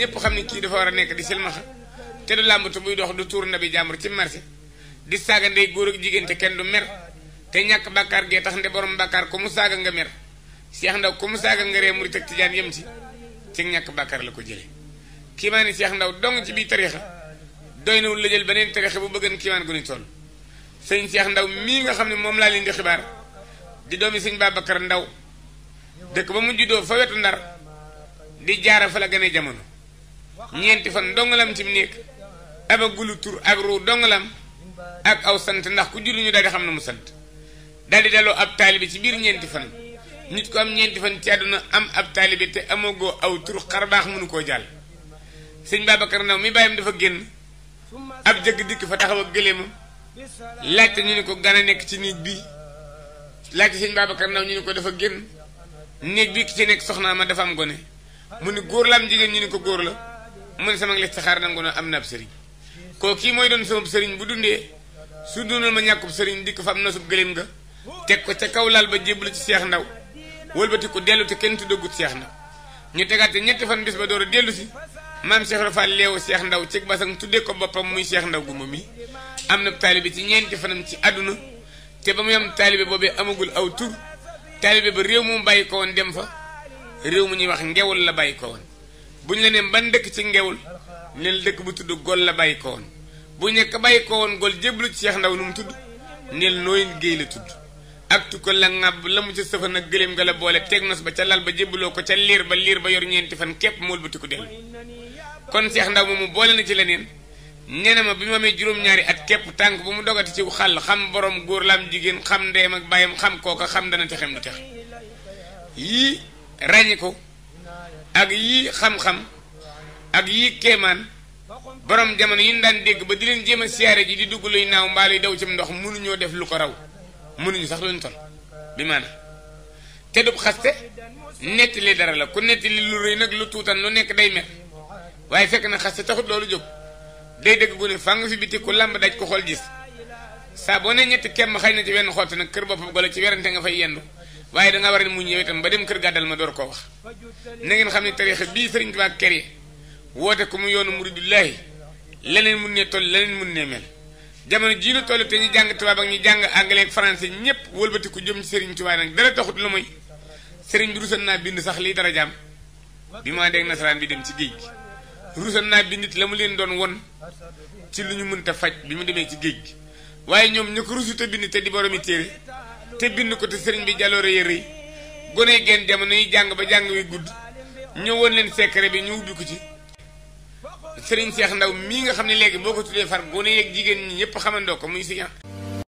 ñëpp xamni ki dafa wara nek di di silmaxa te du làmbatu muy dox du tour nabi jàmbur ci marché di saga ndey goor ak jigéen te kenn du mer te ñak bakkar ge tax nde borom bakkar ku mu saga nga mer Cheikh Ndaw ku mu saga nga ree mouride ak tijaan yem ci ci ñak bakkar la ko jële kiimaa ni Cheikh Ndaw dong ci bi tarixa doyna wul la jël beneen tarixa bu gu toll señ Cheikh Ndaw mi nga xamni mom la leen di xibar di doomi señ babakar Ndaw dekk ba mu fa wetu ndar di jaara fa la jamono ñeenti fan dongalam ci mu nekk abagulu tur ak ruu dongalam ak aw sant ndax ku julli ñu daal xam na mu sant daal di daloo ab taalibe ci biir ñeenti fan nit ko am ñeenti fan ci àdduna am ab taalibe te amagoo aw tur xar baax nu koo jàll sëñ Babacar Ndaw mi bàyyam dafa génn ab jëkk dikk fa taxaw ak gëléemam laajte ñu ne ko gan nekk ci nit bi laajte sëñ Babacar Ndaw ñu ne ko dafa génn néeg bi ki ci nekk soxnaa ma dafa am gone mu ni góor la am ñu ne ko góor la mu ne sama listixaar nangu na am na ab sëriñ koo kii mooy doon sama sëriñ bu dundee su dundal ma ñàkkub sëriñ dikk fa am na sub gëléem nga teg ko ca kaw laal ba jébbalu ci seex ndaw wëlbati ko dellu te kenn tuddagut seex ndaw ñu tegaate ñetti fan bis ba door a dellu si maam Cheikh Rafa leewu seex ndaw ci basang tuddee ko boppam muy seex ndaw guma mi am na taalibe ci ñeenti fanam ci àdduna te ba muy am taalibe boobee amagul aw tur taalibe ba réew mu bàyyi ko dem fa réew mu ñuy wax ngewul la bàyyi bu ñu la nee ban dëkk ci ngewul neel dëkk bu tudd gol la bàyyi ko woon bu ñu nekk bàyyi ko woon gol jéblu ci Cheikh Ndaw lu mu tudd neel nooyin géey la tudd ak tu la ŋàbb la mu ca sëfan ak gëléem nga la boole teg nos ba ca lal ba jébloo ko ca liir ba liir ba yor ñeenti fan képp mool batiku dellu kon Cheikh Ndaw moomu boole na ci leneen nee na ma bi ma amee juróom-ñaari at képp tànk bu mu dogati ci xàll xam borom góor la jigéen xam ndeem ak bàyyam xam kooka xam dana texem du tex yii ràññi ko ak yii xam-xam ak yii kéemaan borom jamono yi ñu daan dégg ba di leen jéem a siyaare ji di dugg luy naaw mbaa luy daw ci ndox mënuñoo def lu ko raw mënuñu sax luñ ton bi maanaam te du xaste nettali dara la ku li lu rëy nag lu tuutan lu nekk day mer waaye fekk na xaste taxut loolu jóg day dëgg gu ne fàng fi biti ku làmb daj ko xool gis saa boo ne ñetti kemm xëy na ci wenn xott nag kër boppam golo ci werante nga fay yendu waaye da nga war a muñ yow itam ba dem kër gàddal ma door koo wax na ngeen xam ne tarixa bii sëriñ Tuubaa kër yi woote ko mu yoonu muridullahi leneen mun ne toll leneen mun ne mel jamono jii lu toll te ñu jàng tubaab ak ñu jàng anglais ak français ñëpp wëlbati ko jëm ci sëriñ Tuubaa nag dara taxut lu muy sëriñ bi rusan naa bind sax lii dara jaam bi ma dégg nasaraan bi dem ci géej gi naa bindit la mu leen doon won ci lu ñu mënta faj bi mu demee ci gi waaye ñoom ñu ko te di boromi te bind ko te sëriñ bi jaloore ya rëy gone yi génn jamono yi jàng ba jàng wi gudd ñëwoon leen secret bi ñu ubbi ko ci sëriñ Seex Ndaw mii nga xam ne léegi boo ko tuddee far gone yeeg jigéen ñi ñëpp xamandoo ko muy si